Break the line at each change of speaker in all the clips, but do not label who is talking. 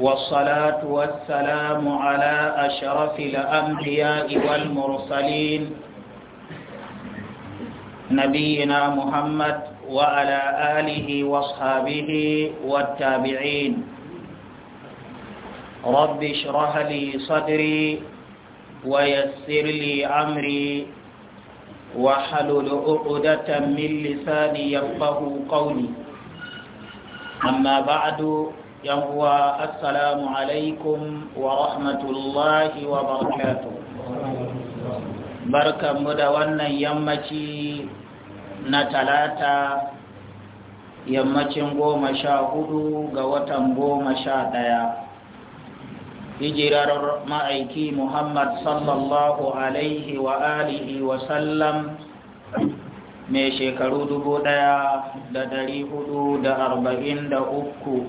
والصلاة والسلام على أشرف الأنبياء والمرسلين نبينا محمد وعلى آله واصحابه والتابعين رب اشرح لي صدري ويسر لي أمري وحلل عقدة من لساني يفقه قولي أما بعد Yan uwa assalamu alaikum wa rahmatullahi wa barakatu barkanmu da wannan yammaci na talata yammacin goma sha hudu ga watan goma sha daya hijirar ma'aiki muhammad sallallahu alaihi wa wa sallam mai shekaru dubu ɗaya da dari hudu da arba'in da uku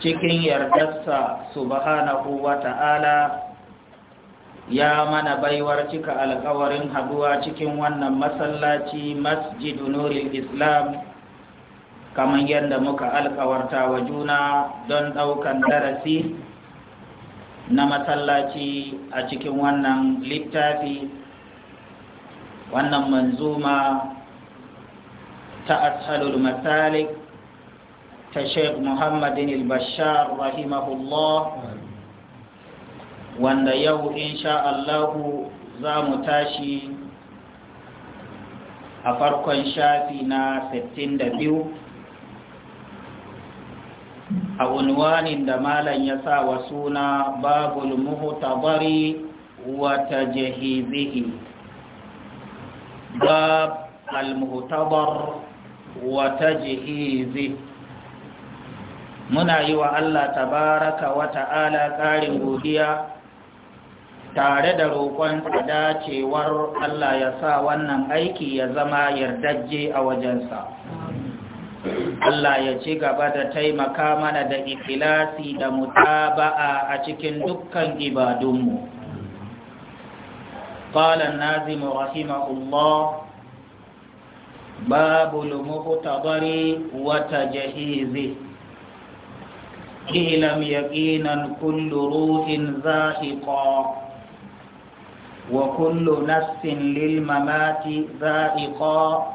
cikin yardarsa subhanahu wa ta'ala ya mana baiwar cika alkawarin haduwa cikin wannan masallaci masjidu nuril islam kamar yadda muka alkawarta wa juna don ɗaukan darasi na masallaci a cikin wannan littafi wannan manzuma ta ashalul masalik ta sheik muhammadin bashar rahimahullah wanda yau insha Allahu za mu tashi a farkon shafi na 62 a unwanin da malan ya sa wa suna babul muhtabari wa bab al-muhtabar wa ta muna yi wa Allah tabaraka wa ta'ala ƙarin godiya tare da roƙon dacewar Allah ya sa wannan aiki ya zama yardajje a wajensa. Allah ya ci gaba da taimaka mana da ikilasi da mutaba'a a cikin dukkan ibadunmu. قال النازم رحمه الله باب wata وتجهيزه إلم يقينا كل روح ذائقا وكل نفس للممات ذائقا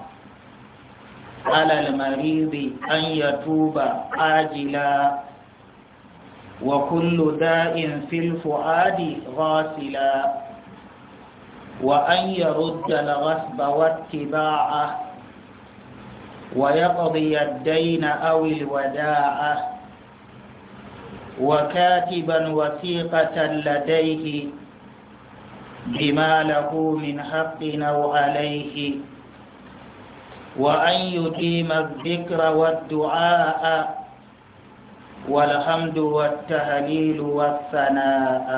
على المريض أن يتوب عاجلا وكل داء في الفؤاد غاسلا وأن يرد الغصب واتباعه ويقضي الدين أو الوداعه وكاتبا وثيقة لديه بما له من حق أو عليه وأن يتيم الذكر والدعاء والحمد والتهليل والثناء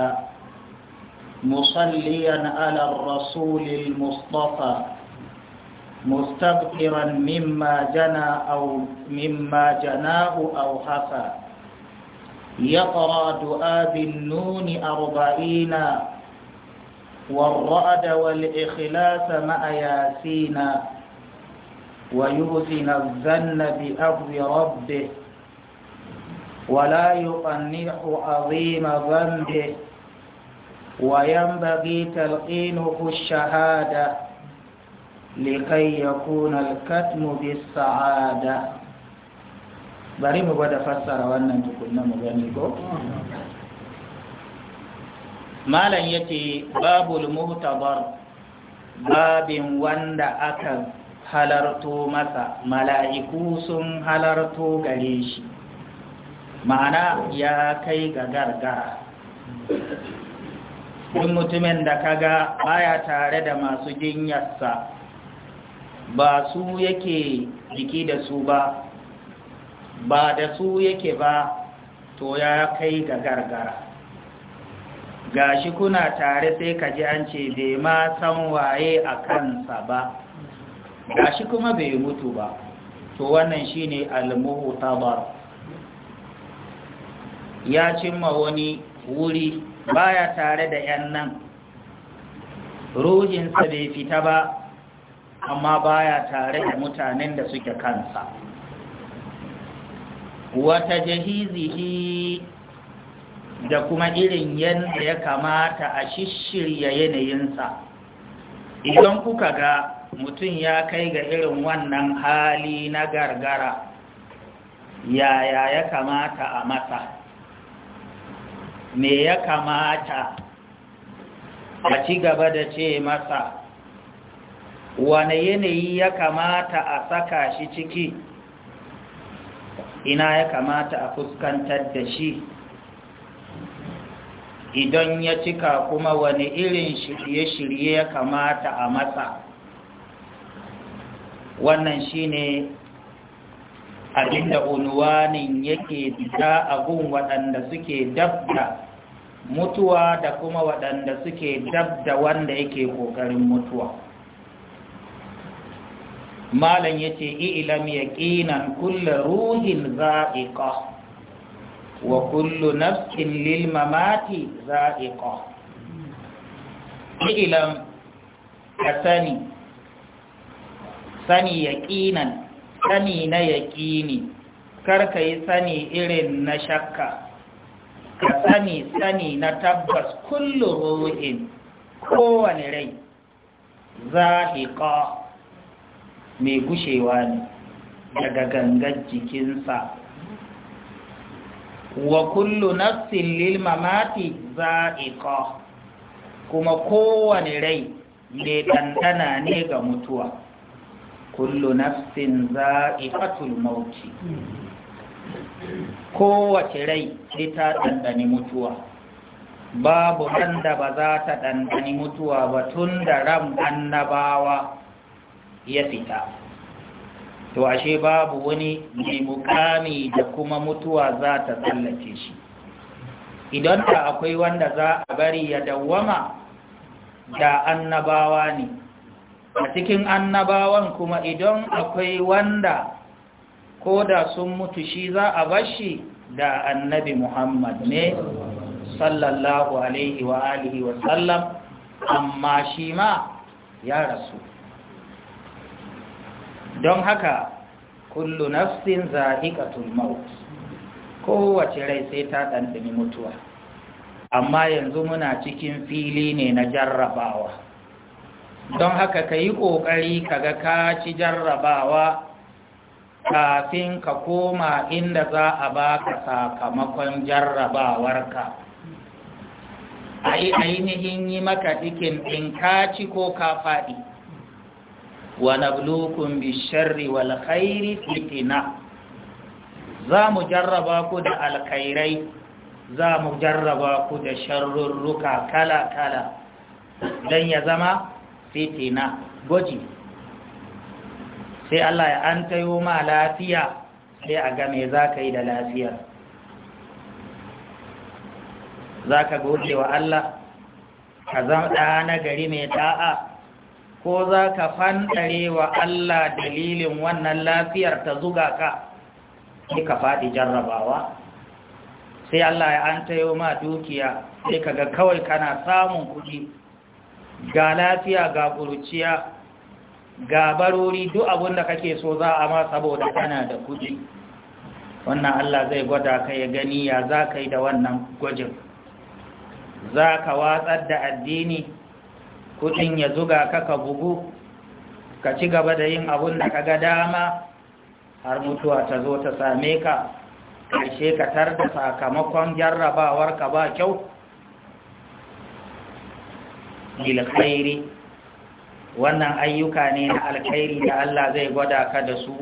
مصليا على الرسول المصطفى مستغفرا مما جنى أو مما جناه أو حفى يقرأ دعاء بالنون أربعين والرعد والإخلاص مع ياسين ويحسن الظن بأرض ربه ولا يقنح عظيم ذنبه وينبغي تلقينه الشهادة لكي يكون الكتم بالسعادة bari mu gwada fassara wannan tukunna mu gani ko malam yace babul muhtabar babin wanda aka halarto masa mala'iku sun halarto gare shi ma'ana ya kai ga gargara duk mutumin da ka kaga baya tare da masu jinyarsa ba su yake jiki da su ba ba da su yake ba to ya kai ga gargara gashi kuna tare sai ka ji an ce bai ma san waye a kansa ba gashi kuma bai mutu ba to wannan shine al-mu'tabar ya cimma wani wuri baya tare da yan nan ruhinsa bai fita ba amma baya tare da mutanen da suke kansa wata jahizihi da kuma irin yadda ya kamata a shishirya yanayinsa idan kuka ga mutum ya kai ga irin wannan hali na gargara yaya ya kamata a masa me ya kamata a ci gaba da ce masa wane yanayi ya kamata a saka shi ciki ina ya kamata a fuskantar da shi idan ya cika kuma wani irin shirye-shirye ya kamata a matsa wannan shine abinda unwanin yake fita a gun waɗanda suke dabda mutuwa da kuma waɗanda suke dabda wanda yake ƙoƙarin mutuwa malam ya ce ilam ya ƙinan kulle ruhin za'iƙa wa kullu nafsin lil mamati za'iƙa ilam ka sani sani ya ƙinan sani na ya ƙini karka yi sani irin na shakka ka sani sani na tabbas kullu ruhin kowane rai za'iƙa mai gushewa ne daga gangar jikinsa wa kullu nafsin lil mamati za'iqa kuma kowane rai mai dandana ne ga mutuwa kullu nafsin za'iqatul mauti kowace rai sai ta dandani mutuwa babu wanda ba za ta ɗanɗani mutuwa ba tun da ran annabawa ya fita to ashe babu wani mai mukami da kuma mutuwa za ta tsallake shi idan da akwai wanda za a bari ya dawwama da annabawa ne a cikin annabawan kuma idan akwai wanda ko da sun mutu shi za a bashi da annabi muhammad ne sallallahu alaihi wa alihi wa sallam amma shi ma ya rasu don haka kullu nafsin za'iqatul maut kowace rai sai ta ɗanɗani mutuwa amma yanzu muna cikin fili ne na jarrabawa don haka ka yi ƙoƙari kaga ka ci jarrabawa kafin ka koma inda za a ba ka sakamakon jarrabawarka a yi ainihin yi maka ɗikin ɗin ka ci ko ka faɗi ونبلوكم بالشر والخير fitina. za mu jarraba ku da alkhairai za mu jarraba ku da sharrurruka kala-kala don ya zama fitina gwaji sai Allah ya an tayo ma lafiya sai a game za ka yi da lafiyar za ka gode wa Allah ka zama ɗa na gari mai ta'a ko za ka fantare wa Allah dalilin wannan lafiyar ta zuga ka sai ka faɗi jarrabawa sai Allah ya an tayo ma dukiya sai ka ga kawai kana samun kuɗi ga lafiya ga ƙuruciya ga barori duk abin da kake so za a ma saboda kana da kuɗi wannan Allah zai gwada ka ya gani ya za ka yi da wannan gwajin za ka watsar da addini kudin ya zuga ka ka bugu ka ci gaba da yin abun da ka ga dama har mutuwa ta zo ta same ka ƙarshe ka tarda sakamakon jarrabawar ka ba kyau ilkhairi wannan ayyuka ne na alkhairi da Allah zai gwada ka da su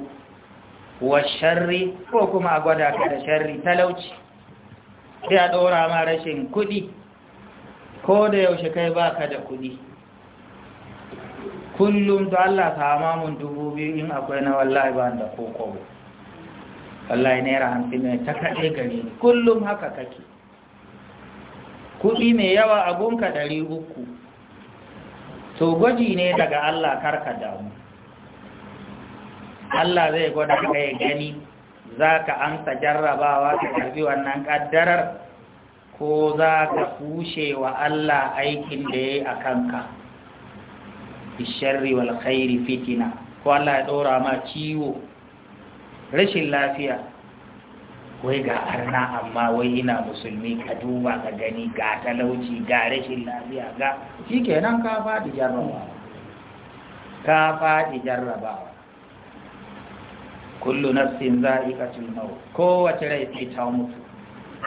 wa sharri ko kuma a gwada ka da sharri talauci sai a ɗora ma rashin kuɗi ko da yaushe kai baka da kuɗi kullum to Allah ta mun dubu biyu in akwai na wallahi ba da koko wallahi naira hamsin ne ta kaɗe gari kullum haka kake kuɗi mai yawa abunka ɗari uku to gwaji ne daga Allah kar ka damu Allah zai gwada ka ya gani za ka amsa jarrabawa ka karbi wannan ƙaddarar ko za ka kushe wa Allah aikin da ya yi a kanka bisharri wal khairi fitina ko Allah ya ɗora ma ciwo rashin lafiya wai ga arna amma wai ina musulmi ka duba ka gani ga talauci ga rashin lafiya ga shi kenan ka faɗi jarrabawa ka faɗi jarrabawa kullu nafsin za'iqatul maut kowace rai sai ta mutu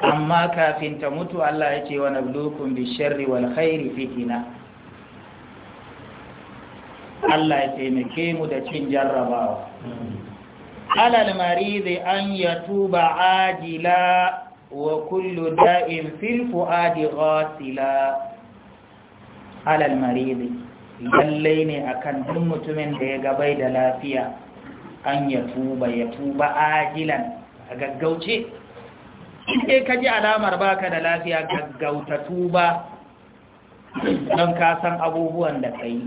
amma kafin ta mutu Allah ya ce wa nablukum bisharri wal khairi fitina Allah ya taimake mu da cin jarrabawa alal maridi an ya tuba ajila wa kullu da'in filfu adi ghasila alal maridi lallai ne akan duk mutumin da ya gabai da lafiya an ya tuba ya tuba ajilan a gaggauce sai ka ji alamar baka da lafiya gaggauta tuba don ka san abubuwan da ka yi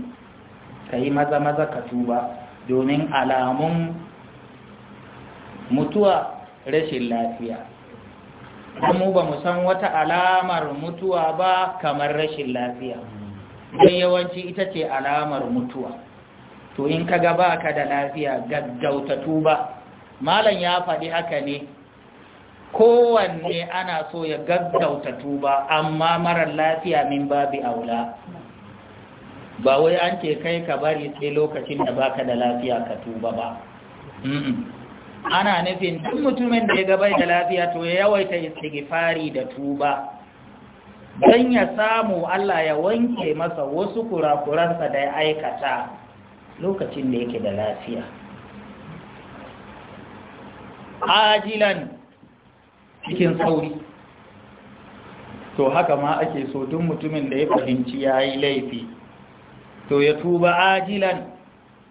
ka yi maza-maza ka tuba domin alamun mutuwa rashin lafiya mu ba mu san wata alamar mutuwa ba kamar rashin lafiya don yawanci ita ce alamar mutuwa to in ka gaba ka da lafiya gaggauta tuba malam ya faɗi haka ne kowanne ana so ya gaggauta tuba amma marar lafiya min babi aula ba wai an ce kai ka bari sai lokacin da baka da lafiya ka tuba ba ana nufin duk mutumin da ya gabai da lafiya to ya yawaita istighfari da tuba don ya samu Allah ya wanke masa wasu kurakuransa da ya aikata lokacin da yake da lafiya ajilan cikin sauri to haka ma ake so duk mutumin da ya fahimci ya yi laifi to ya tuba ajilan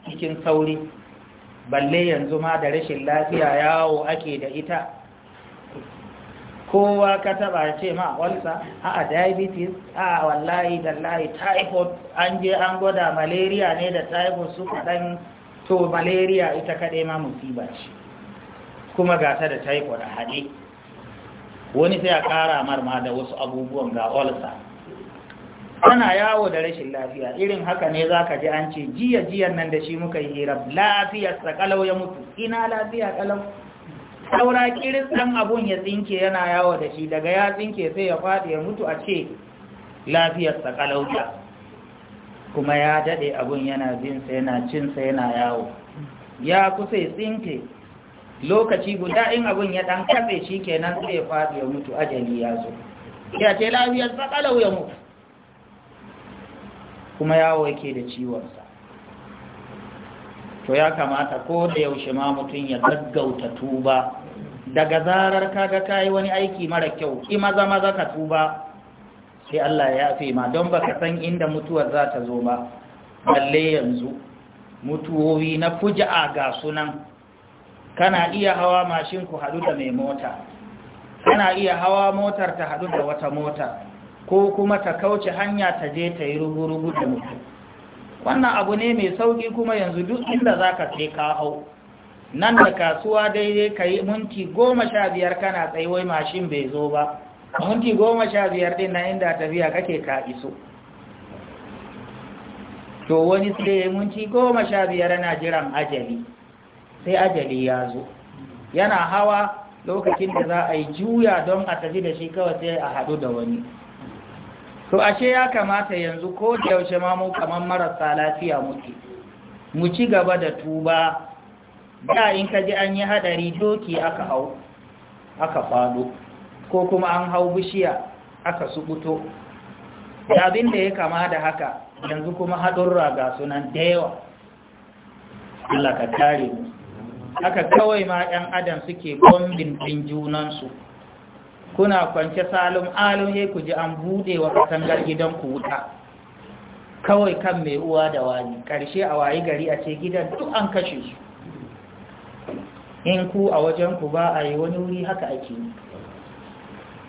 cikin sauri balle yanzu ma da rashin lafiya yawo ake da ita kowa ka taba ce ma walsa a diabetes a wallahi dallahi typhoid an je an gwada malaria ne da typhoid su kaɗan to malaria ita kaɗe ma musiba ce kuma gata da typhoid a haɗe wani sai a ƙara marma da wasu abubuwan ga olsa ana yawo da rashin lafiya irin haka ne za ka ji an ce jiya jiyan nan da shi muka yi hira lafiyarsa kalau ya mutu ina lafiya kalau saura kiristan abun ya tsinke yana yawo da shi daga ya tsinke sai ya faɗi ya mutu a ce lafiyarsa kalau ya kuma ya daɗe abun yana binsa yana cinsa yana yawo ya kusa ya tsinke lokaci guda in abun ya ɗan katse shi kenan sai ya faɗi ya mutu ajali ya zo ya ce lafiyarsa kalau ya mutu kuma yawo yake da ciwonsa to ya kamata ko da yaushe ma mutum ya gaggauta tuba daga zarar kaga kayi wani aiki mara kyau Ki maza-maza ka tuba sai Allah ya yafe ma don baka san inda mutuwar za ta zo ba balle yanzu mutuwowi na fuja'a ga sunan kana iya hawa mashin ku haɗu da mai mota kana iya hawa motar ta haɗu da wata mota ko kuma ta kauce hanya ta je ta yi rugu-rugu da mutum wannan abu ne mai sauƙi kuma yanzu duk inda za ka sai ka hau nan da kasuwa daidai ka yi minti goma sha biyar kana tsaiwai mashin bai zo ba minti goma sha biyar din na inda tafiya kake ka iso to wani sai minti goma sha biyar yana jiran ajali sai ajali ya zo yana hawa lokacin da za a yi juya don a tafi da shi kawai sai a haɗu da wani to ashe ya kamata yanzu ko da yaushe ma mu kamar marasa lafiya muke mu ci gaba da tuba da in ka ji an yi hadari doki aka hau aka fado ko kuma an hau bishiya aka subuto da abin da ya kama da haka yanzu kuma haɗurra ga sunan da yawa Allah ka kare mu haka kawai ma 'yan adam suke bombin ɗin junansu kuna kwance salon alum ya ku ji an buɗe wa katangar gidan ku wuta kawai kan mai uwa da wani ƙarshe a wayi gari a ce gidan duk an kashe su in ku a wajen ku ba a yi wani wuri haka ake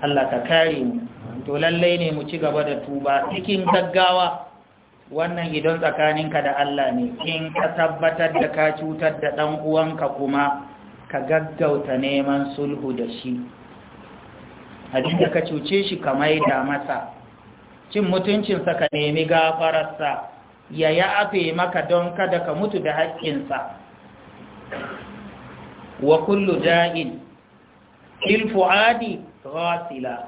Allah ka kare mu to lallai ne mu ci gaba da tuba cikin gaggawa wannan idan tsakaninka da Allah ne in ka tabbatar da ka cutar da ɗan uwanka kuma ka gaggauta neman sulhu da shi da ka cuce shi ka da masa cin mutuncinsa ka nemi gafararsa ya afe maka don kada ka mutu da haƙƙinsa wa kullu da'in fil fuadi ghasila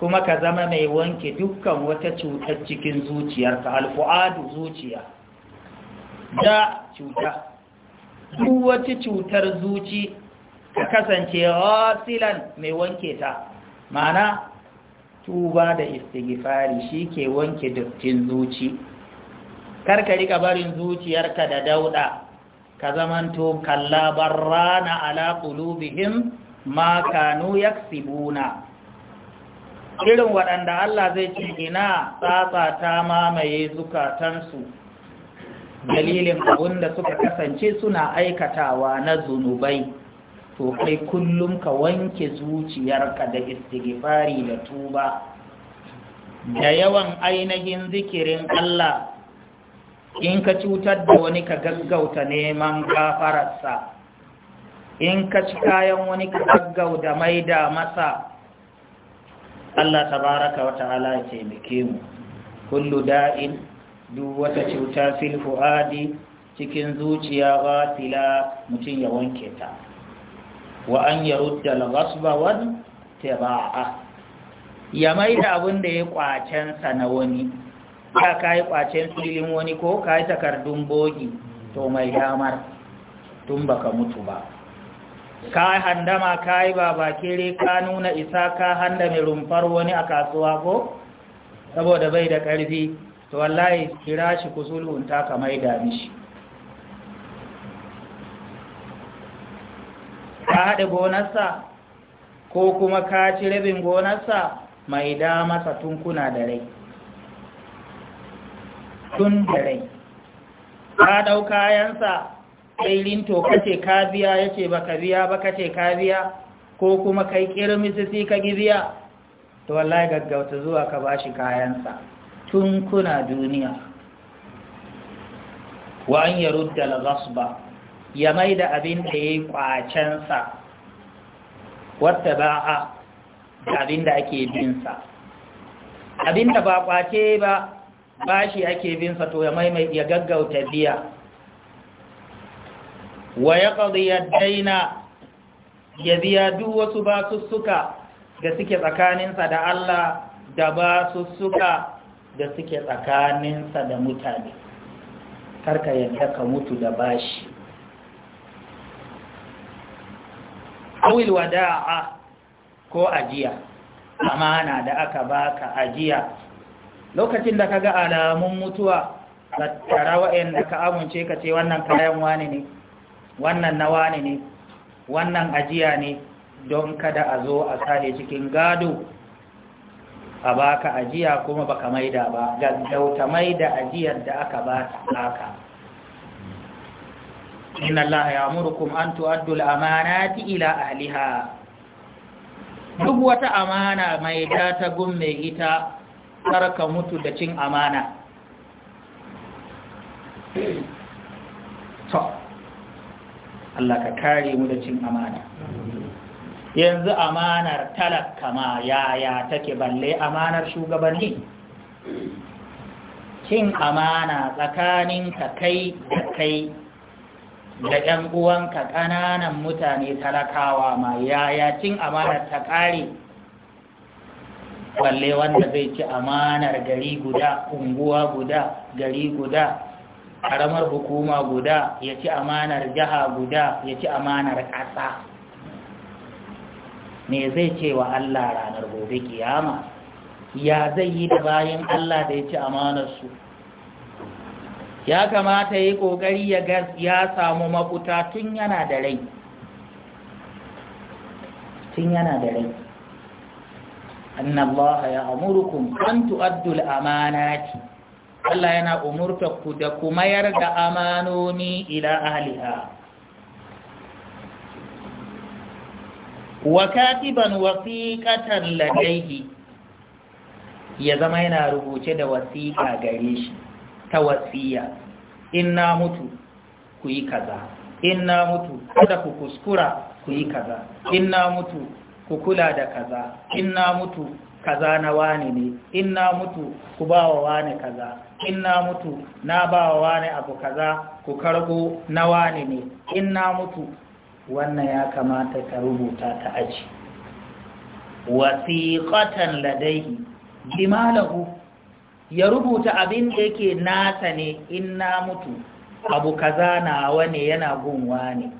kuma ka zama mai wanke dukkan wata cutar cikin zuciyarka alfuadu zuciya da cuta duk wata cutar zuci ka kasance ghasilan mai wanke ta ma'ana tuba da istighfari shi ke wanke dattin zuci Kar ka rika barin zuciyarka da dauda ka zamanto kalla rana ala qulubihim ma kanu yaksibuna irin waɗanda Allah zai ce ina tsatsa ta mamaye zukatansu dalilin da suka kasance suna aikatawa na zunubai to kai kullum ka wanke zuciyarka da istighfari da tuba da yawan ainihin zikirin Allah in ka cutar da wani ka gaggauta neman gafararsa in ka ci kayan wani ka gaggauta maida masa Allah tabaraka wa ta'ala ya taimake mu kullu da'in duk wata cuta fil fuadi cikin zuciya batila mutum ya wanke ta wa an yarudda al-ghasba wal tiba'a ya maida abin da ya kwacen sa na wani ka kai kwacen filin wani ko yi takardun bogi to mai damar tun baka mutu ba ka handama ka yi babakere ka nuna isa ka handame rumfar wani a kasuwa ko saboda bai da ƙarfi to wallahi kira shi sulhunta ka maida mishi ka haɗe gonarsa ko kuma ka ci rabin gonarsa mai da masa tunkuna da rai tun da rai ka ɗau kayansa ƙairin to kace ka biya ya ce ba ka biya ba kace ka biya ko kuma kai ƙirin misisi ka gibiya to wallahi gaggauta zuwa ka ba shi kayansa tun kuna duniya wa an yi rudda ba ya mai da abin da ya yi kwacensa wata ba'a a abin da ake binsa abin da ba kwace ba ba shi ake binsa to ya mai ya gaggauta biya wa ya ƙazi ya daina ya biya duk wasu suka da suke tsakaninsa da Allah da suka da suke tsakaninsa da mutane karka yadda ka mutu da bashi awil wada'a ko ajiya amana da aka baka ajiya lokacin da kaga alamun mutuwa tattara waanda ka amince ka ce wannan kayan wani ne wannan na wani ne wannan ajiya ne don kada a zo a sare cikin gado a baka ajiya kuma baka maida ba gaggauta maida ajiyar da aka ba ta إن الله يأمركم أن تؤدوا الأمانات ila أهلها duk wata amana mai ta gun mai ita karka mutu da cin amana to Allah ka kare mu da cin amana yanzu amanar talaka ma yaya take balle amanar shugabanni cin amana tsakanin ka kai da kai da ‘yan uwanka ƙananan mutane talakawa ma yaya cin amanar ta ƙare balle wanda zai ci amanar gari guda unguwa guda gari guda ƙaramar hukuma guda ya ci amanar jiha guda ya ci amanar ƙasa me zai ce wa Allah ranar gobe kiyama ya zai yi da bayan Allah da ya ci amanarsu su ya kamata yi ƙoƙari ya samu mafuta tun yana da rai tun yana da rai Allah ya amurkum an amanati Allah yana umurta ku da kuma mayar da amanoni ila ahliha wa katiban wasiqatan ladayhi ya zama yana rubuce da wasiƙa gare shi ta wasiya in na mutu ku yi kaza in na mutu kada ku kuskura ku yi kaza in na mutu ku kula da kaza in na mutu kaza na wani ne in na mutu ku ba wa wani kaza in na mutu na ba wa wani abu kaza ku karbo na wani ne in na mutu wannan ya kamata ka rubuta ta aji wasiqatan ladaihi bima lahu ya rubuta abin da yake nasa ne in na mutu abu kaza na wane yana gunwa ne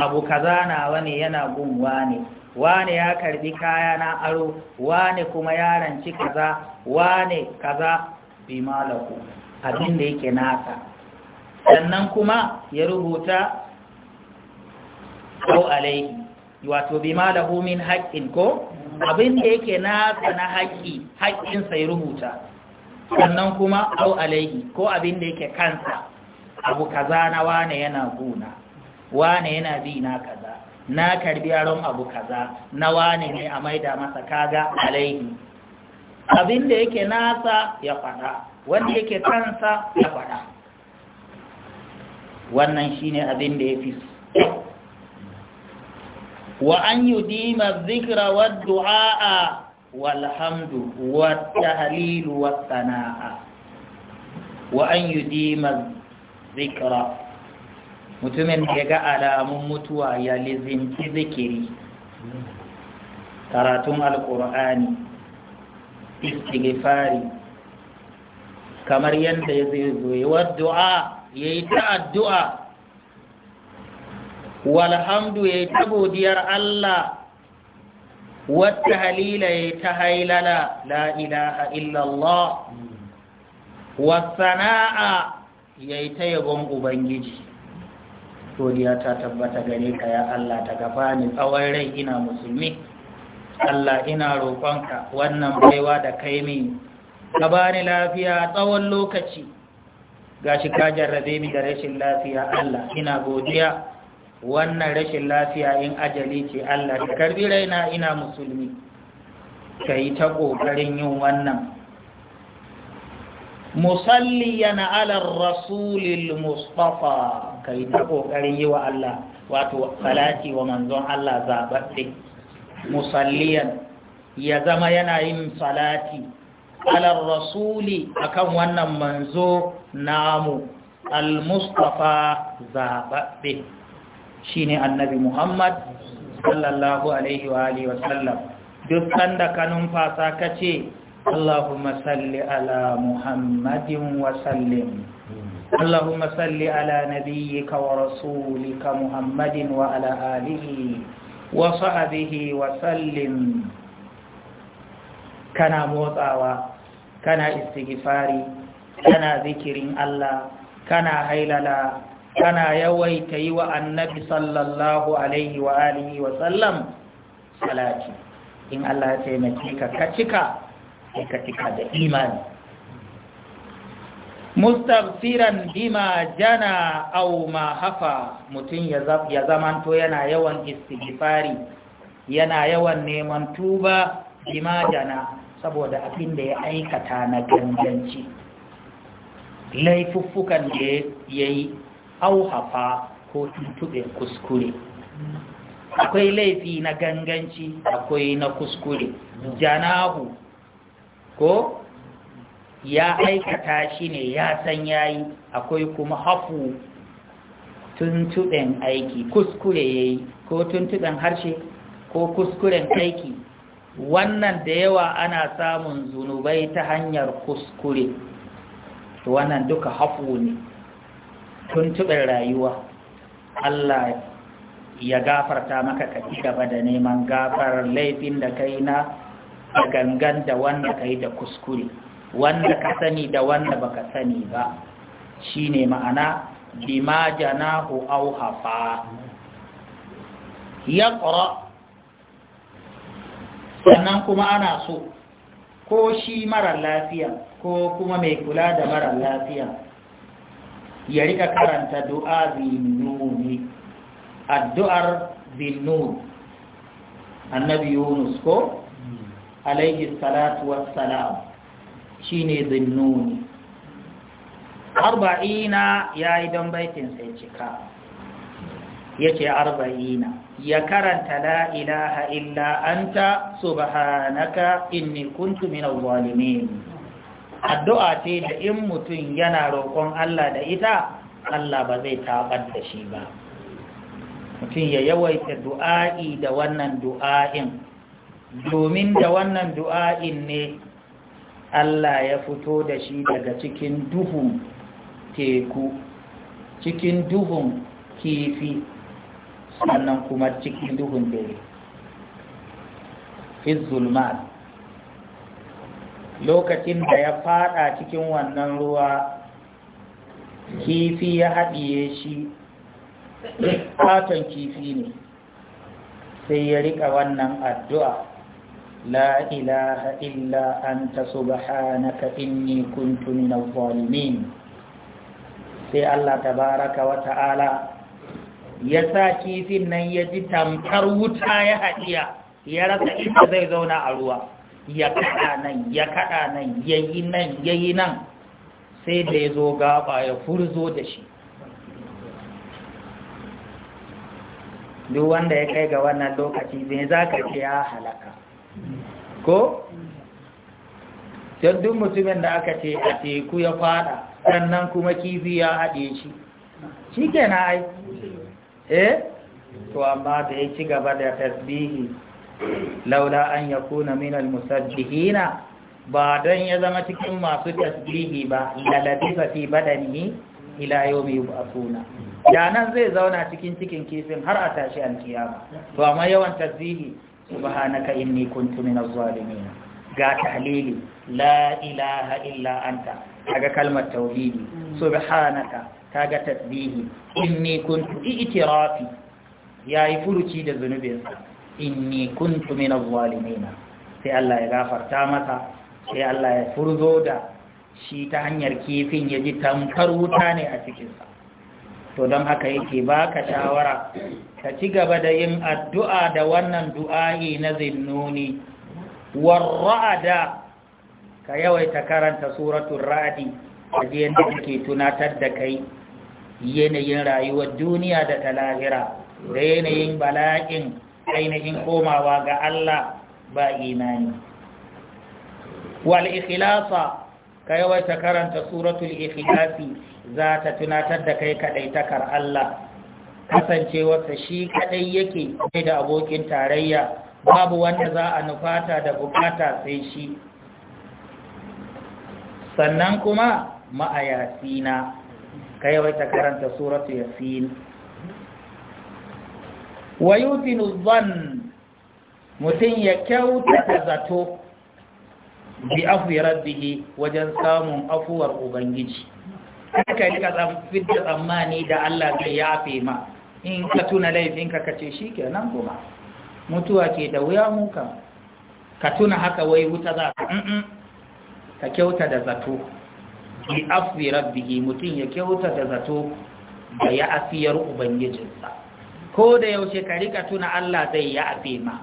abu kaza na wane yana gunwa ne wane ya karbi kaya na aro wane kuma yaranci kaza wane kaza bi malaku abin da yake nasa sannan kuma ya rubuta ko alaihi wato bi malahu min haƙƙin ko abin da yake nasa na haƙƙi haqqin sai rubuta sannan kuma au alaihi ko abin da yake kansa abu kaza na wane yana guna wane yana bi na kaza na karbi yaron abu kaza na wane ne a maida masa kaga alaihi abin da yake nasa ya fada wanda yake kansa ya fada wannan shine abin da yafi wa an yudima dhikra wad du'a والحمد والتهليل والثناء وأن يديم الذكرى mutumin da ga alamun mutuwa ya lizinci zikiri karatun alkur'ani fari. kamar yadda ya zai zoye wadda'a ya yi ta addu'a walhamdu ya yi ta godiyar Allah wata halila ya ta hailala la ilaha illallah wasana'a ya yi ta yabon ubangiji godiya ta tabbata gare ka ya Allah ta gaba ni tsawon rai ina musulmi Allah ina roƙonka wannan baiwa da kai min ka bani lafiya tsawon lokaci gashi ka jarrabe ni da rashin lafiya Allah ina godiya wannan rashin lafiya in ajali ce Allah ka karbi raina ina musulmi ka yi ta ƙoƙarin yin wannan musalli yana alar rasulil mustafa ka yi ta ƙoƙarin yi wa Allah wato salati wa manzon Allah zaɓaɓɓe musalliyan ya zama yana yin salati alar rasuli akan wannan manzo namu al-mustafa zaɓaɓɓe shine annabi Muhammad sallallahu alaihi wa alihi wa sallam duk sanda ka numfasa kace Allahumma salli ala Muhammadin wa sallim Allahumma salli ala ka wa ka Muhammadin wa ala alihi wa sahbihi wa sallim kana motsawa kana istighfari kana zikirin Allah kana hailala kana yawaita yi wa annabi sallallahu alaihi wa alihi wa sallam salati in Allah ya taimake cika ka cika sai ka cika da imani mustafiran bima jana au ma hafa mutun ya zamanto yana yawan istighfari yana yawan neman tuba bima jana saboda abin da ya aikata na ganganci laifuffukan da ya yi auhafa ko tuntuɓe kuskure akwai laifi na ganganci akwai na kuskure janahu ko ya aikata shi ne ya san yayi akwai kuma hafu tuntuɓen aiki kuskure ya yi ko tuntuɓen harshe ko kuskuren aiki wannan da yawa ana samun zunubai ta hanyar kuskure wannan duka hafu ne tuntuɓin rayuwa Allah ya gafarta maka ka ci gaba da neman gafar laifin da kai na a gangan da wanda yi da kuskure wanda ka sani da wanda baka sani ba Shi ne ma'ana bima janahu au hafa yaqra sannan kuma ana so ko shi marar lafiya ko kuma mai kula da mara lafiya ya rika karanta du'a binnuni addu'ar binnun annabi yunus ko alaihi salatu wassalam shine binnuni arba'ina ya yi don baitin sai cika ya ce arba'ina ya karanta la ilaha illa anta subhanaka inni kuntu minal zalimin addu'a ce da in mutum yana roƙon Allah da ita Allah ba zai taɓar da shi ba mutum ya yawaita du'a'i da wannan du'a'in domin da wannan du'a'in ne Allah ya fito da shi daga cikin duhun teku cikin duhun kifi sannan kuma cikin duhun dare fi zulmat lokacin da ya faɗa cikin wannan ruwa kifi ya haɗiye shi katon kifi ne sai ya riƙa wannan addu'a la ilaha illa anta subhanaka inni kuntu na zalimin sai Allah tabaraka wa ta'ala ya sa kifin nan ya ji tamkar wuta ya haɗiya ya rasa inda zai zauna a ruwa ya kaɗa nan ya kaɗa nan ya yi nan ya yi nan sai da ya zo gaba ya furzo da shi duk wanda ya kai ga wannan lokaci zai za ka ce ya halaka ko? duk mutumin da aka ce a teku ya fada sannan kuma kifi ya haɗe shi shi ke na ai eh to amma da ya ci gaba da tasbihi laula an yakuna min almusabbihina ba don ya zama cikin masu tasbihi ba lalatifa fi badanihi ila yawmi yub'athuna da nan zai zauna cikin cikin kifin har a tashi al-kiyama to amma yawan tasbihi subhanaka inni kuntu minaz zalimin ga tahlili la ilaha illa anta kaga kalmar tauhidi subhanaka kaga tasbihi inni kuntu i'tirafi yayi furuci da zunubinsa inni kuntu min az-zalimin sai Allah ya gafarta masa sai Allah ya furzo da shi ta hanyar kifin ya ji tamkar wuta ne a cikinsa to don haka yake baka shawara ka ci gaba da yin addu'a da wannan du'a'i na zinnuni warra'ada ka yawaita karanta suratun ra'adi a yanda da tunatar da kai yanayin rayuwar duniya da ta lahira da yanayin bala'in ainihin komawa ga Allah ba imani wal ikhlasa ka ta karanta suratul ikhlasi za ta tunatar da kai kadai takar Allah kasancewarsa shi kaɗai yake da abokin tarayya babu wanda za a nufata da bukata sai shi sannan kuma ma'ayasina ka ta karanta suratul yasin wa yutinu zan mutum ya kyautata zato bi afuwar rabbihi wajen samun afuwar ubangiji ka yi ka fidda tsammani da Allah zai yafe ma in ka tuna laifinka ka ce shi ke nan kuma mutuwa ke da wuya muka ka tuna haka wai wuta za ka ka kyauta da zato bi afuwar rabbihi mutum ya kyauta da zato da ya afiyar ubangijinsa ko da yaushe ka rika tuna Allah zai ya afi ma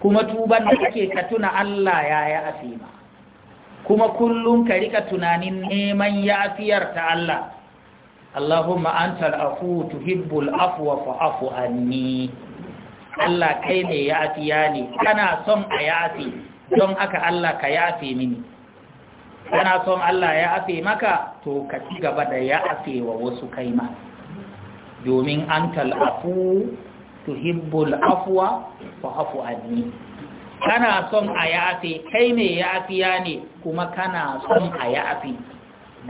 kuma tuban da kake ka tuna Allah ya ya afi ma kuma kullum ka rika tunanin neman ya'fiyar ta Allah Allahumma antal afu tuhibbul afwa fa'fu anni Allah kai ne ya ne kana son a ya don haka Allah ka ya mini kana son Allah ya afe maka to ka ci gaba da ya afe wa wasu kai ma domin an tal'afu hibbul afuwa, fa hafu anni kana son a yafi kai ne yafiya ne kuma kana son a yafi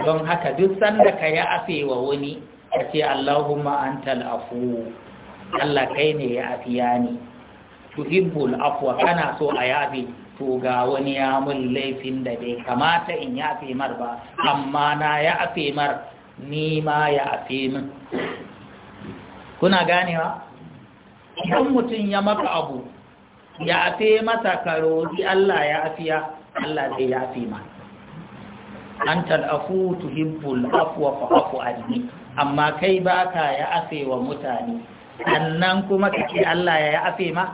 don haka duk sanda ka yafe wa wani ka ce Allahumma antal afu Allah kai ne yafiya ne hibbul afuwa. kana so a yafi to ga wani ya mun laifin da bai kamata in yafe mar ba amma na yafe mar ni ma yafe min kuna ganewa idan mutum ya maka abu ya afe masa karori Allah ya afiya Allah zai ya afi ma an tal'afu tuhibbul afwa afu anni amma kai baka ya afe wa mutane sannan kuma kake Allah ya afe ma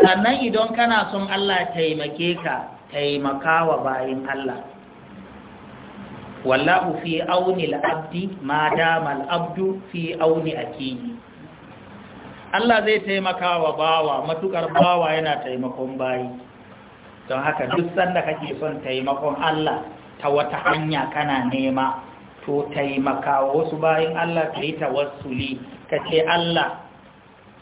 sannan idan kana son Allah taimake ka taimakawa bayin Allah wallahu fi auni abdi, ma dama al-abdu fi auni akini Allah zai taimaka wa bawa matukar bawa yana taimakon bayi don haka duk sanda kake son taimakon Allah ta wata hanya kana nema to taimaka wasu bayin Allah kai ta wasuli ka Allah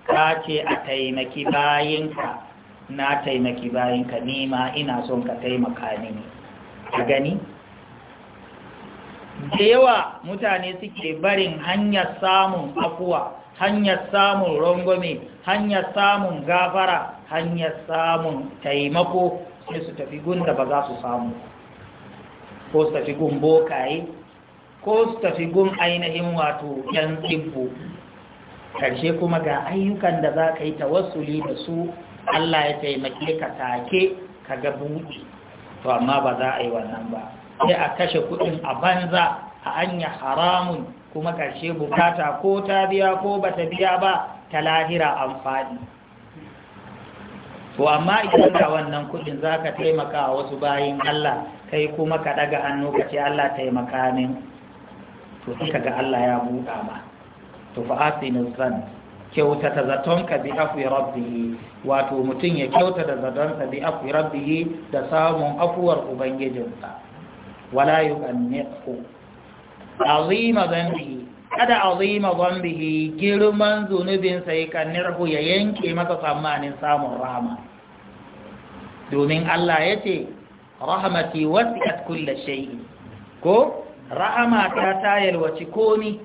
ka ce a taimaki bayinka na taimaki bayinka nima ina son ka taimaka ni, a gani da yawa mutane suke barin hanyar samun afuwa hanyar samun rangwame hanyar samun gafara hanyar samun taimako sai su tafi gunda ba za su samu ko su tafi gun bokaye ko su tafi gun ainihin wato yan tsibbo. karshe kuma ga ayyukan da za ka yi ta wasu da su Allah ya taimake ka take ka ga buɗe, to amma ba za a yi wannan ba sai a kashe kuɗin a banza a anya haramun kuma ƙarshe bukata ko ta biya ko ba ta biya ba ta lahira amfani to amma idan ka wannan kuɗin za ka taimaka a wasu bayin Allah kai kuma ka ɗaga hannu ka ce Allah taimaka min to suka ga Allah ya buɗa ma to fa asinu zan kyauta ta zaton ka bi afi rabbihi wato mutum ya kyautata da zaton ka bi afi rabbihi da samun afuwar ubangijinsa wala yuqannihu azima dhanbihi kada azima dhanbihi girman zunubin sai kannirhu ya yanke masa tsammanin samun rahama domin Allah ya yace rahmati wasi'at kulla shaii ko rahamata ta yalwaci komi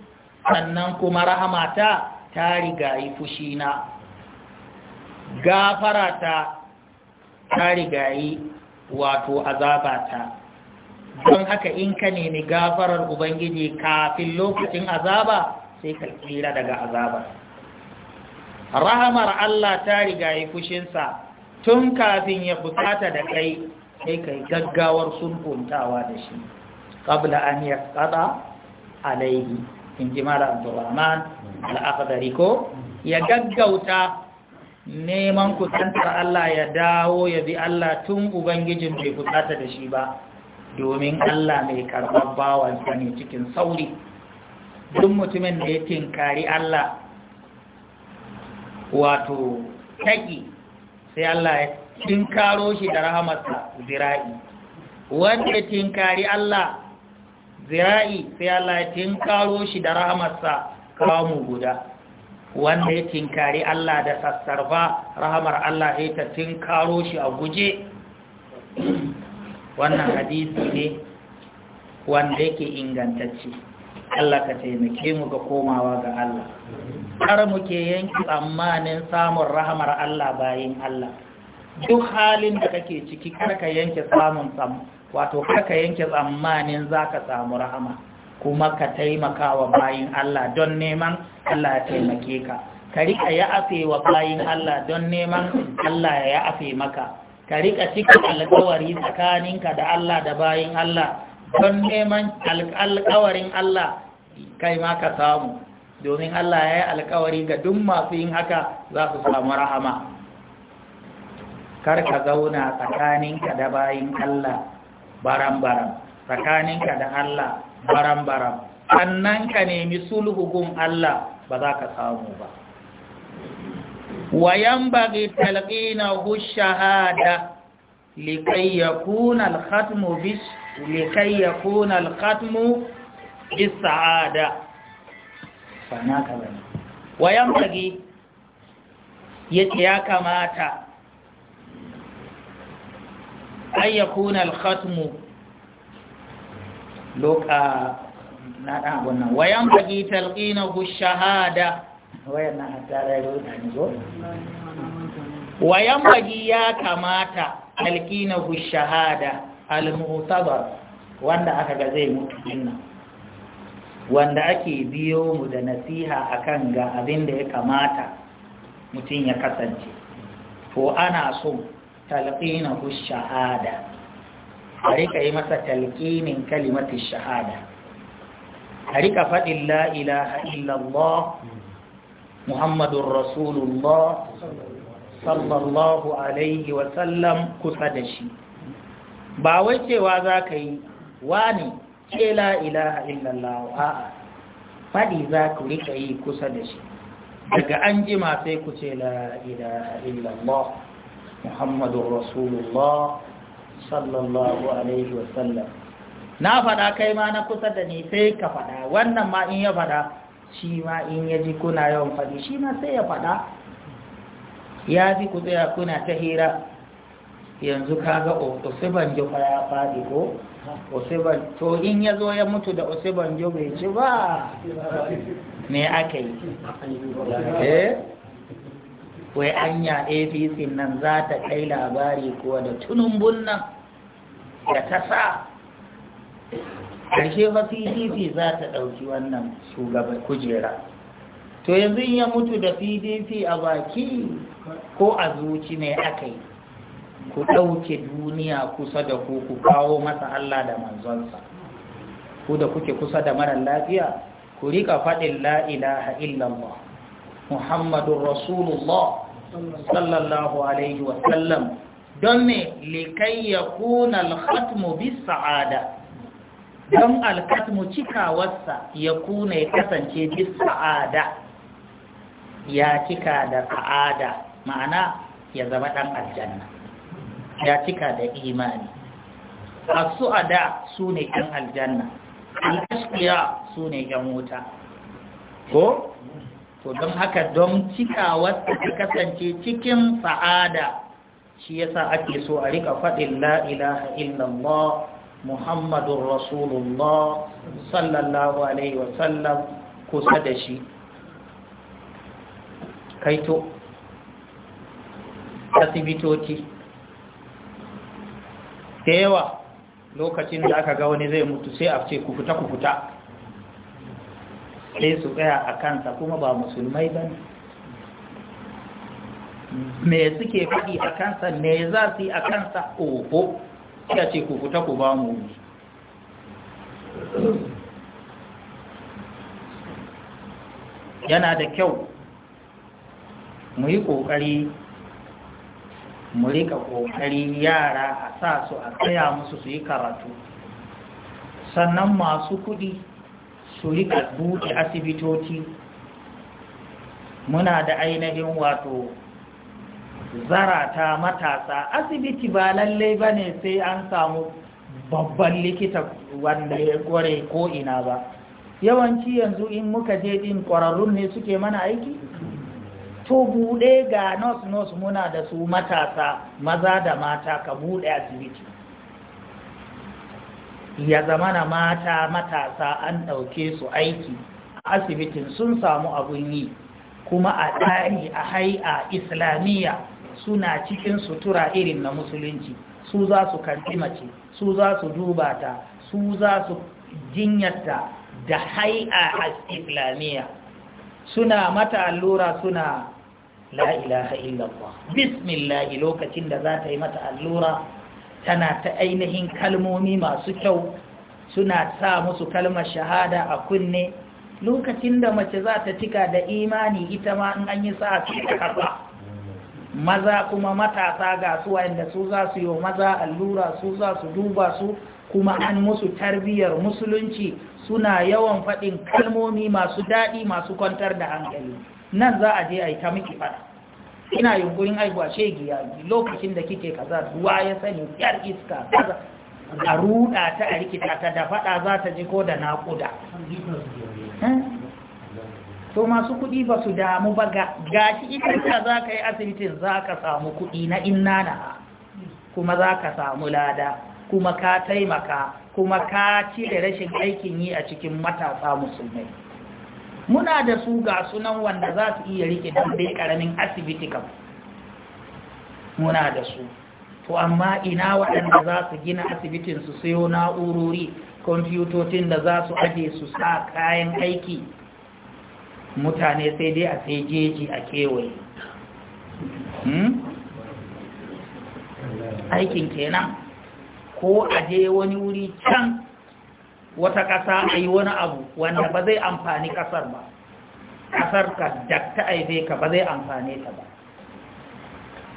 sannan kuma rahamata ta riga rigayi na, gafarata ta riga yi wato azabata don haka in ka nemi gafarar ubangiji kafin lokacin azaba sai ka tsira daga azabar rahamar Allah ta riga yi fushinsa tun kafin ya fusata da kai sai ka yi gaggawar sulhuntawa da shi ƙabla an yi tsada laihi, in ji mara abdurrahman al’afadari ko ya gaggauta neman kusantar Allah ya dawo ya bi Allah tun ubangijin bai fusata da shi ba domin Allah mai karɓar bawansa ne cikin sauri duk mutumin da ya tinkari Allah wato taƙi sai Allah ya tinkaro shi da rahamarsa zira'i wanda ya tinkari Allah zira'i sai Allah ya tinkaro shi da rahamarsa kamu guda wanda ya tinkari Allah da sassarfa rahamar Allah ya ta tinkaro shi a guje wannan hadisi ne wanda yake ingantacce Allah ka taimake mu ga komawa ga Allah har muke yanki tsammanin samun rahamar Allah bayin Allah duk halin da kake ciki karka yanke samun samu wato karka yanke tsammanin zaka samu rahama kuma ka taimaka wa bayin Allah don neman Allah ya taimake ka ka riƙa ya afe wa bayin Allah don neman Allah ya afe maka ka rika cikin alkawari tsakaninka da Allah da bayin Allah don neman alkawarin Allah kai ma ka samu domin Allah ya yi alkawari ga duk masu yin haka za su samu rahama kar ka zauna tsakaninka da bayin Allah baram-baram tsakaninka da Allah baram-baram sannan ka nemi sulhu gun Allah ba za ka samu ba wayan bagi talgina hushahada likayyakuna alkhatmu bis likayyakuna alkhatmu bis saada wayan bagi yace ya kamata ayyakuna alkhatmu loka na dan wannan wayan bagi talgina hushahada wayannan hattarai rota ne zo wayan bagi ya kamata alkinahu shahada almutabar wanda aka ga zai mutu dinnan wanda ake biyo mu da nasiha akan ga abin da ya kamata mutum ya kasance to ana so talqinahu shahada a rika yi masa talƙinin kalimatin shahada a rika faɗin la ilaha illallah محمد رسول الله صلى الله عليه وسلم كسدشي باوي cewa zakai wani ce la ilaha illallah a'a fadi rika yi kusa da shi daga an jima sai ku ce la ilaha muhammadur rasulullah sallallahu alaihi wasallam na faɗa kai ma na kusa da ni sai ka faɗa wannan ma in ya faɗa shi ma in ya kuna yawan faɗi shi ma sai ya faɗa ya fi ku tsaya kuna ta hira yanzu kaga osiban ya faɗi ko osiban to in ya zo ya mutu da osiban bai ci ba me aka yi eh? wai anya apc nan za ta kai labari kuwa da tunumbun nan Ya ta sa ashe fa pdp za ta ɗauki wannan shugaban kujera to yanzu ya mutu da pdp a baki ko a zuci ne aka yi ku ɗauke duniya kusa da ku ku kawo masa allah da manzonsa ku da kuke kusa da marar lafiya ku riƙa faɗin la'ilaha illallah muhammadun rasulullah sallallahu alaihi wasallam don ne likai ya kuna alhatmu sa'ada don alkatmu cikawarsa ya kuna ya kasance bis sa'ada ya cika da sa'ada ma'ana ya zama ɗan aljanna ya cika da imani a su'ada su ne ɗan aljanna al'ashkiya su ne ɗan wuta ko? to don haka don cikawarsa ta kasance cikin sa'ada shi yasa ake so a rika faɗin la'ilaha illallah Muhammadu rasulullah sallallahu alaihi sallam, ko da shi kaito asibitoci da yawa lokacin da aka ga wani zai mutu sai a ce kufuta. kufuta sai su tsaya a kansa kuma ba musulmai ba me suke faɗi a kansa me za su yi a kansa oho ya ce ku fita ku ba mu yana da kyau mu yi ƙoƙari mu rika ƙoƙari yara a sa su a tsaya musu su yi karatu sannan masu kuɗi su riƙa buɗe asibitoci muna da ainihin wato zarata matasa asibiti ba lallai ba ne sai an samu babban likita wanda ya kware ko ina ba yawanci yanzu in muka je din kwararrun ne suke mana aiki to buɗe ga nos-nos muna da su matasa maza da mata ka buɗe asibiti ya zama zamana mata matasa an ɗauke su aiki a asibitin sun samu abun yi kuma a ɗari a a islamiyya suna cikin sutura irin na musulunci su za su karbi mace su za su duba ta su za su jinyarta da hai'a a islamiyya suna mata allura suna la ilaha illallah bismillah lokacin da za ta yi mata allura tana ta ainihin kalmomi masu kyau suna sa musu kalmar shahada a kunne lokacin da mace za ta cika da imani ita ma in an yi sa'a ta kasa. maza kuma matasa ga su wa'inda su za su yi maza allura su za su duba su kuma an musu tarbiyyar musulunci suna yawan faɗin kalmomi masu daɗi masu kwantar da hankali nan za a je a yi ta miki faɗa. ina yunkurin aibuwa shegi ya lokacin da kike kaza ruwa ya sani yar iska a ruɗa ta a rikita ta da faɗa za ta ji ko da naƙuda to masu kuɗi ba su damu ba ga shi ita za ka yi asibitin za ka samu kuɗi na inna na kuma za ka samu lada kuma ka taimaka kuma ka ci da rashin aikin yi a cikin matasa musulmai muna da su ga sunan wanda za su iya rike don dai karamin asibiti kam muna da su to amma ina waɗanda za su gina asibitin su sayo na'urori kwamfutocin da za su aje su sa kayan aiki mutane sai dai a sai jeji a kewaye hmm? aikin kenan ko a je wani wuri can wata ƙasa a yi wani abu wanda ba zai amfani ƙasar ba ƙasar ka dakta aife ka ba zai amfane ta ba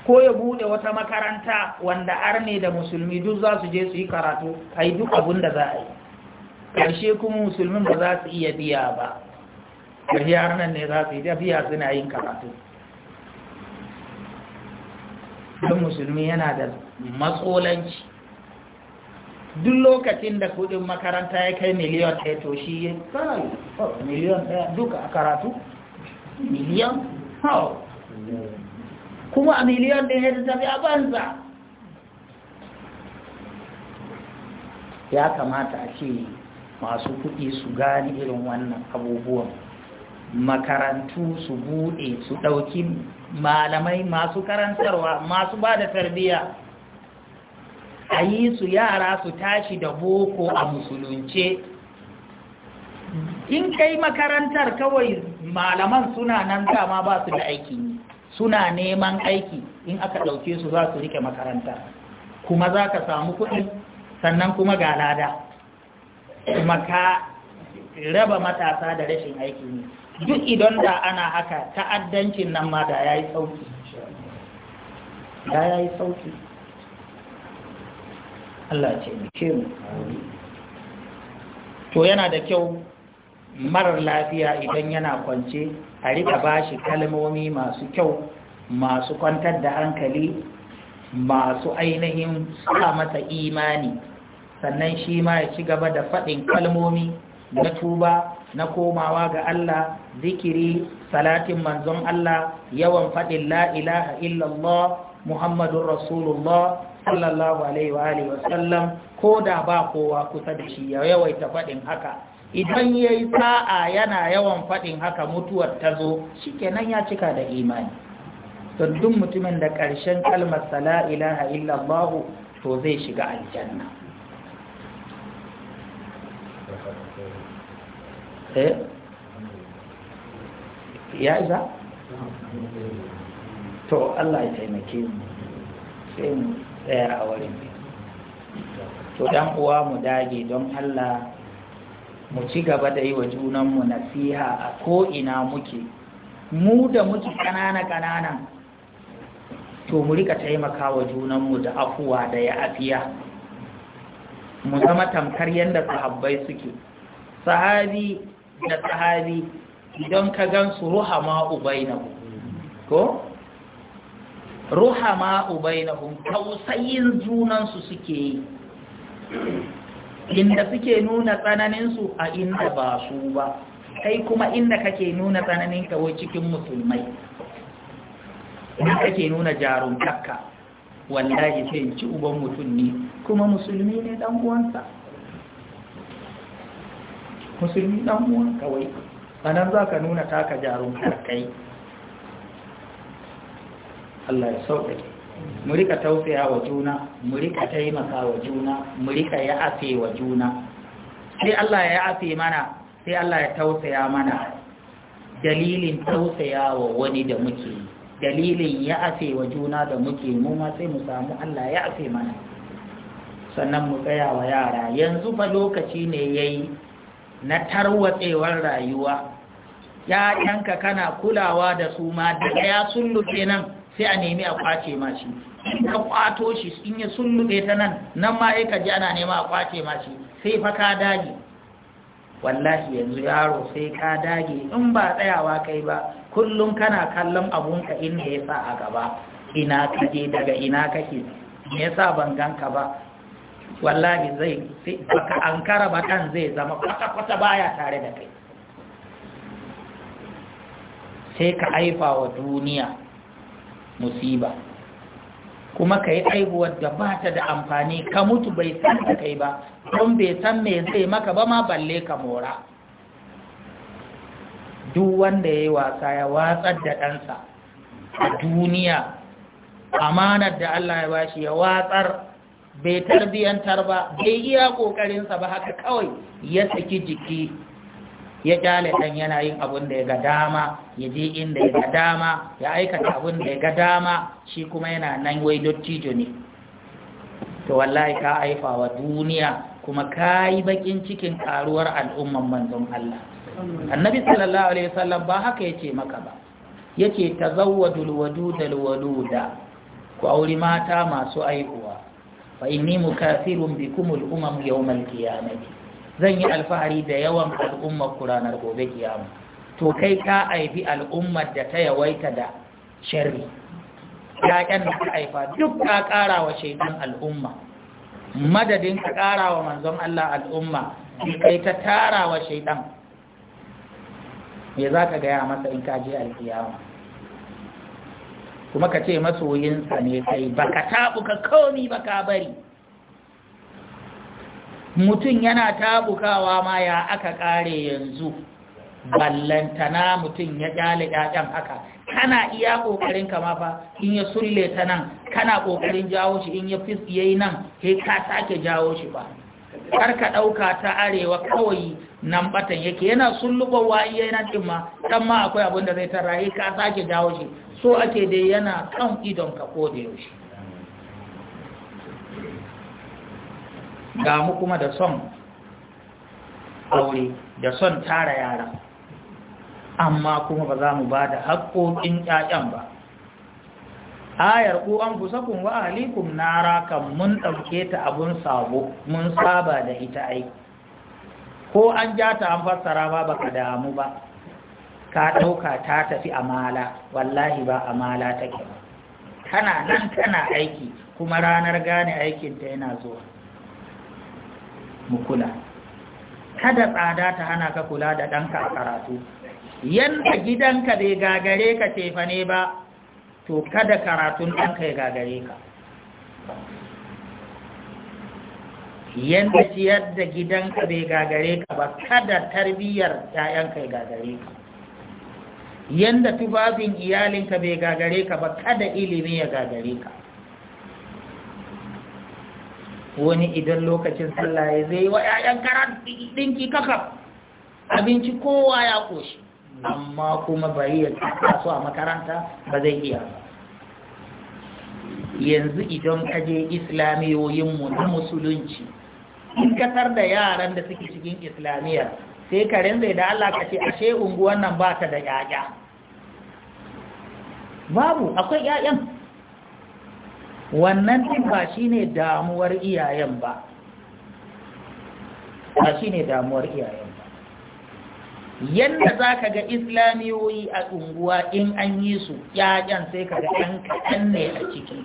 ko ya buɗe wata makaranta wanda arne da musulmi duk za su je su yi karatu a yi duk abin da za a yi ƙarshe kuma musulmin ba za su iya biya ba ƙarfi nan ne za su yi tafiya suna yin karatu don musulmi yana da matsolanci duk lokacin da kudin makaranta ya kai miliyon ɗaya to shi ya kai oh, miliyon ɗaya duka a karatu miliyon hau kuma a miliyon ɗaya da tafi a banza ya kamata a ce masu kuɗi su gane irin wannan abubuwan makarantu su buɗe su dauki malamai masu karantarwa masu ba da tarbiya a su yara su tashi da boko a musulunce in kai makarantar kawai malaman suna nan dama ba su da aiki suna neman aiki in aka ɗauke su za su rike makaranta kuma za ka samu kuɗi sannan kuma ga lada kuma ka raba matasa da rashin aiki ne duk idan da ana haka ta'addancin nan ma da ya yi sauki da ya yi sauki Allah ce muke mu to yana da kyau marar lafiya idan yana kwance a rika bashi kalmomi masu kyau masu kwantar da hankali masu ainihin sa mata imani sannan shi ma ya ci gaba da faɗin kalmomi na tuba na komawa ga Allah zikiri salatin manzon Allah yawan faɗin la ilaha illallah muhammadun rasulullah sallallahu alaihi wa alihi wasallam ko da ba kowa kusa da shi ya yawaita faɗin haka idan ya yi sa'a yana yawan faɗin haka mutuwar ta zo shi kenan ya cika da imani to duk mutumin da ƙarshen kalmar sala ilaha illallahu to zai shiga aljanna Eh? ya isa to Allah ya taimake mu sai mu tsaya a wurin to dan uwa mu dage don Allah mu ci gaba da yi wa junanmu nasiha a ko'ina muke mu da muke kanana-kanana to mu rika taimaka wa junanmu da afuwa da ya afiya mu zama tamkar yadda sahabbai suke sahabi da sahabi idan ka gan su ruhama ubainahu ko ruhama ubainahum tausayin junansu suke yi inda suke nuna tsananinsu a inda ba su ba kai kuma inda kake nuna tsananin wai cikin musulmai inda kake nuna jarumtakka wallahi sai ci uban mutum ne kuma musulmi ne dan uwansa musulmi dan uwa kawai anan za ka nuna taka jarun kai Allah ya sauƙaƙe mu rika tausaya wa juna mu rika taimaka wa juna mu rika ya'afe wa juna sai Allah ya ya'afe mana sai Allah ya tausaya mana dalilin tausaya wa wani da muke dalilin ya'afe wa juna da muke mu ma sai mu samu Allah ya ya'afe mana sannan mu tsaya wa yara yanzu fa lokaci ne yayi na tarwatsewar rayuwa ‘ya'yanka kana kulawa da su ma daga ya sulluɓe nan sai a nemi a kwace ma shi ka kwato shi in ya sulluɓe ta nan nan ma ya kaji ana nema a kwace ma shi sai fa ka dage wallahi yanzu yaro sai ka dage in ba tsayawa kai ba kullum kana kallon abunka inda ya sa a gaba ina kaje daga ina kake me yasa ban ganka ba wallahi zai baka an ba kan zai zama kwata-kwata baya tare da kai sai ka aifa wa duniya musiba kuma ka yi aihuwar da ba ta da amfani ka mutu bai san da kai ba don bai san me zai maka ba ma balle ka mora duk wanda ya yi wasa ya watsar da ɗansa a duniya amanar da Allah ya bashi ya watsar bai tarbiyantar ba bai iya kokarinsa ba haka kawai ya saki jiki ya kyale ɗan yana yin abin da ya ga dama ya je inda ya ga dama ya aikata abin da ya ga dama shi kuma yana nan wai dottijo ne to wallahi ka haifa wa duniya kuma ka yi bakin cikin karuwar al'umman manzon Allah annabi sallallahu alaihi wasallam ba haka yace maka ba yace tazawwadul wadudal waluda ku auri mata masu aihuwa fa inni mukafirun bikum al-umam yawm al-qiyamati zan yi alfahari da yawan al'ummar ku ranar gobe kiyama to kai ka aifi al'ummar da ta yawaita da sharri ƴaƴan da ka aifa duk ka kara wa shaidan al'umma madadin ka kara wa manzon Allah al'umma kai ta tara wa shaidan me za ka gaya masa in ka je alkiyama kuma ka ce masoyinsa ne kai ba ka ka komi ba ka bari mutum yana taɓukawa ma ya aka ƙare yanzu ballantana mutum ya ƙyale ƴaƴan haka kana iya ƙoƙarin kama fa in ya sulle ta nan kana ƙoƙarin jawo shi in ya fi yayi nan sai ka sake jawo shi ba kar ka ɗauka ta arewa kawai nan batan yake yana sullubawa iya yana cin ma dan ma akwai abin da zai tara yi ka sake jawo shi so ake dai yana kan idon ka ko da yaushe ga mu kuma da son aure da son tara yara amma kuma ba za mu ba da haƙoƙin ƴaƴan ba ayar ku an fusakun wa ahlikum nara kan mun ɗauke ta abun sabo mun saba da ita aiki ko an ja ta an fassara ma baka damu ba ka ɗauka ta tafi amala wallahi ba amala take ba kana nan kana aiki kuma ranar gane aikinta yana zuwa mukula kada tsada ta hana ka kula da ɗanka a karatu yanda gidanka bai gagare ka tefa ba to kada karatun ɗanka ya gagare ka yanda ciyar da gidanka bai gagare ka ba kada tarbiyyar ‘ya'yanka ya gagare ka yanda tufafin iyalinka bai gagare ka ba kada ilimi ya gagare ka wani idan lokacin sallah ya zai wa ‘ya'yan karar kaka abinci kowa ya ƙoshi amma kuma bari ya taso a makaranta ba zai iya yanzu idan kaje islamiyoyinmu na musulunci in kasar da yaran da suke cikin islamiyyar sai ka rinzai da Allah ka ce ashe unguwan nan ba ta da yaya babu akwai ƴaƴan wannan din ba shine damuwar iyayen ba ba shine damuwar iyayen ba yanda zaka ga islamiyoyi a unguwa in an yi su yayan sai ka ga yan kaɗan ne a ciki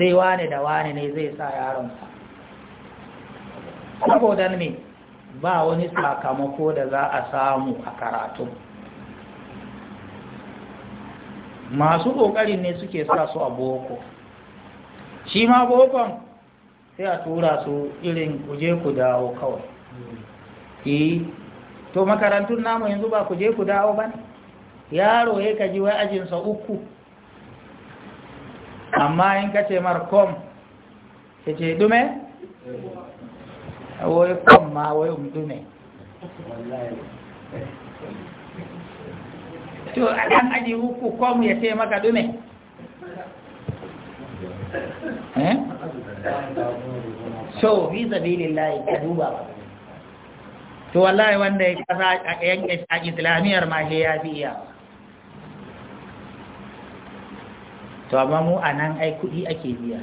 sai wane da wane ne zai sa sa saboda me ba wani sakamako da za a samu a karatu masu ƙoƙari ne suke sa su a boko shi ma bokon sai a tura su irin kuje ku dawo kawai eh to makarantun namu yanzu ba kuje ku dawo ba yaro ya kaji wai ajinsa uku amma in ka ce markom ya ce dume wewe kama wewe mtume wallahi to an aje huku kwamu ya ce maka dume eh so fi sabilillahi kaduba to wallahi wanda ya kasa a yanke islamiyar ma ke ya fi iya to amma mu a anan ai kudi ake biya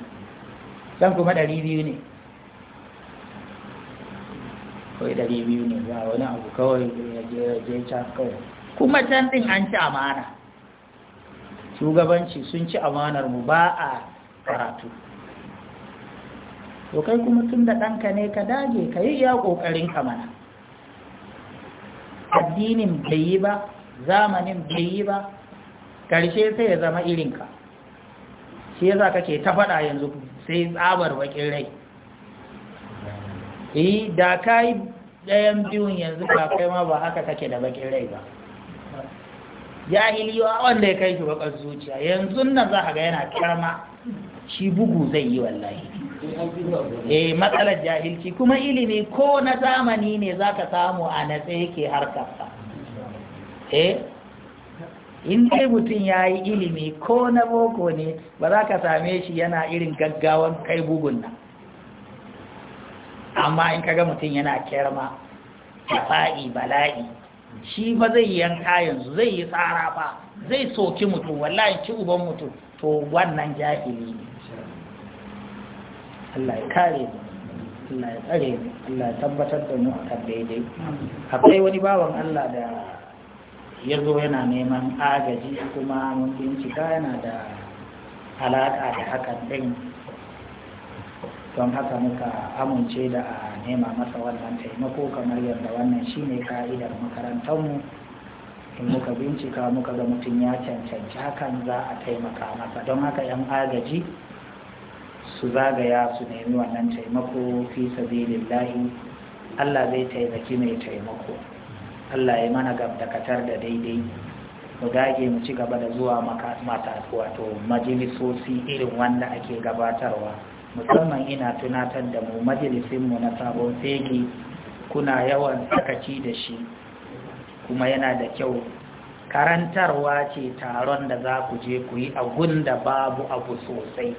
zan kuma biyu ne kawai ɗari biyu ne a wani abu kawai ya je can kawai kuma can ɗin an ci amana shugabanci sun ci amanar mu ba a karatu to kai kuma tun da ɗanka ne ka dage ka yi iya ƙoƙarin kamana addinin bai yi ba zamanin bai yi ba ƙarshe sai ya zama irinka shi yasa kake ta faɗa yanzu sai tsabar baƙin rai eh da ka yi ɗayan biyun yanzu ba kai ma ba haka kake da bakin rai ba jahili wa wanda ya kai shi bakar zuciya yanzu nan za ka ga yana karma shi bugu zai yi wallahi eh matsalar jahilci kuma ilimi ko na zamani ne za ka samu a natsa yake harkarsa eh in dai mutum ya yi ilimi ko na boko ne ba za ka same shi yana irin gaggawan kai bugun nan amma in kaga mutum yana kirma fa'i bala'i shi ba zai yanka yanzu zai yi tsara fa zai soki mutum wallahi ci uban mutum to wannan jahili ne Allah ya kare mu Allah ya tsare mu Allah ya tabbatar da mu akan daidai akwai wani bawan Allah da ya zo yana neman agaji kuma mun bincika yana da alaka da hakan din don haka muka amince da a nema masa wannan taimako kamar yadda wannan shine ka'idar makarantarmu in muka bincika muka ga mutum ya cancanci hakan za a taimaka masa don haka 'yan agaji su zagaya su nemi wannan taimako fi sabilillahi Allah zai taimaki mai taimako Allah ya mana gabdakatar da daidai mu dage mu ci gaba da zuwa mata wato majalisosi irin wanda ake gabatarwa musamman ina tunatar da mu mu na sabon fegi kuna yawan sakaci da shi kuma yana da kyau karantarwa ce taron da za ku je ku yi agun da babu abu sosai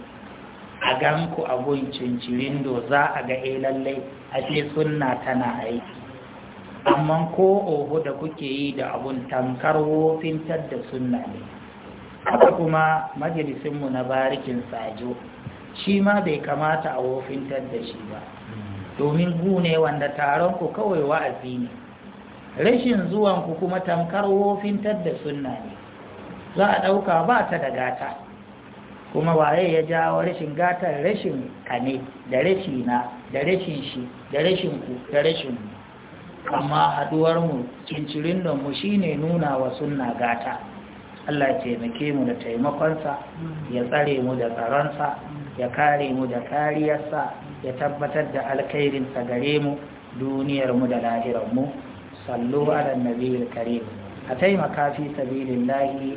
a gan ku agun do za a ga e lallai a ce sunna tana aiki amma ko oho da kuke yi da abun tamkar wofintar da sunna ne haka kuma mu na barikin sajo shi ma bai kamata a wofintar da shi ba domin gune wanda taron ku kawai wa'azi ne rashin zuwan ku kuma tamkar wofintar da sunna ne za a ɗauka ba ta da gata kuma waye ya jawo rashin gatar rashin kane da rashina da rashin shi da rashin ku da rashin mu amma haduwarmu cincirin mu shine nuna wa sunna gata Allah ya taimake mu da taimakonsa ya tsare mu da tsaronsa ya kare mu da kariyarsa ya tabbatar da alkhairinsa gare mu duniyarmu da lahirarmu sallu ala nabiyil karim a taimaka fi sabilillahi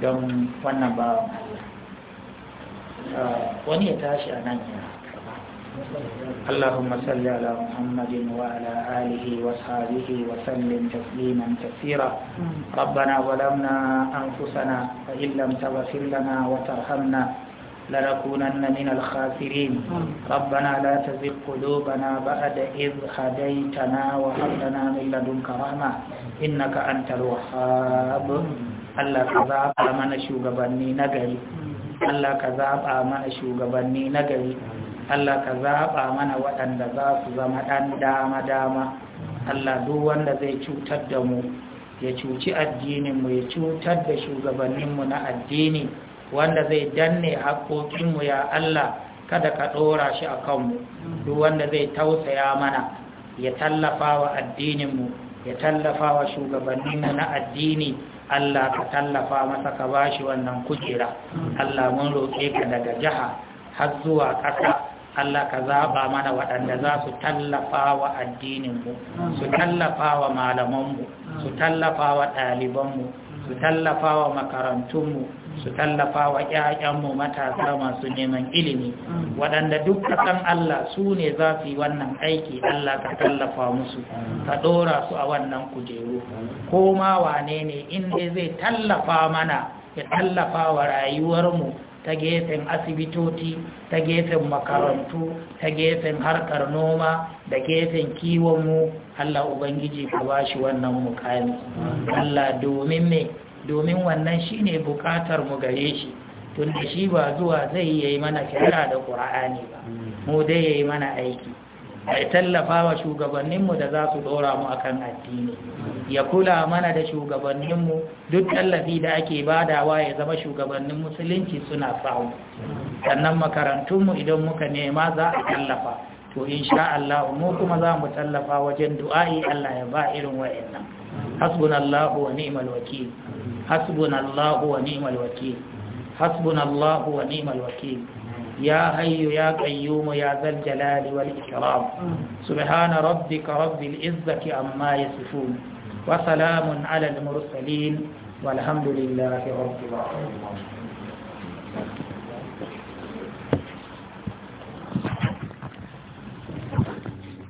don wannan bawan Allah uh, wani ya tashi a nan ya اللهم صل على محمد وعلى آله وصحبه وسلم تسليما كثيرا ربنا ظلمنا أنفسنا فإن لم تغفر لنا وترحمنا لنكونن من الخاسرين ربنا لا تزغ قلوبنا بعد إذ هديتنا وهب لنا من لدنك رحمة إنك أنت الوهاب الله كذاب من شوغبني نغري الله كذاب من شوغبني نغري Allah ka zaɓa mana waɗanda za su zama ɗan dama-dama Allah duk wanda zai cutar da mu ya cuci addininmu ya cutar da shugabanninmu na addini wanda zai danne haƙoƙinmu ya Allah kada ka ɗora shi a kanmu duk wanda zai tausaya mana ya tallafa wa addininmu ya tallafa wa shugabanninmu na addini Allah ka tallafa masa ka ba shi wannan kujera Allah mun roƙe ka daga jiha har zuwa ƙasa Allah ka zaɓa mana waɗanda za su tallafa wa addininmu su tallafa wa malamanmu su tallafa wa ɗalibanmu su tallafa wa makarantunmu su tallafa wa ƴaƴanmu matasa masu neman ilimi waɗanda duk ƙasan Allah su ne za su yi wannan aiki Allah ka tallafa musu ka ɗora su a wannan kujeru ko ma wane ne inda zai tallafa mana ya tallafa wa rayuwarmu ta gefen asibitoci ta gefen makarantu ta gefen harkar noma da gefen kiwonmu Allah Ubangiji ka ba shi wannan mukami Allah domin me domin wannan shi ne bukatar mu gare shi tun da shi ba zuwa zai yi mana kira da ƙura'ani ba mu dai ya yi mana aiki ya tallafa wa shugabanninmu da za su ɗora mu akan addini ya kula mana da shugabanninmu duk tallafi da ake badawa ya zama shugabannin musulunci suna samu sannan makarantunmu idan muka nema za a tallafa to insha Allah mu kuma za mu tallafa wajen du'a'i Allah ya ba irin wa'annan hasbunallahu wa ni'mal wakil hasbunallahu wa ni'mal wakil hasbunallahu wa ni'mal wakil ya hayyu ya qayyum ya zal jalali wal ikram subhana rabbika rabbil izzati amma yasifun wa alal mursalin والحمد لله
رب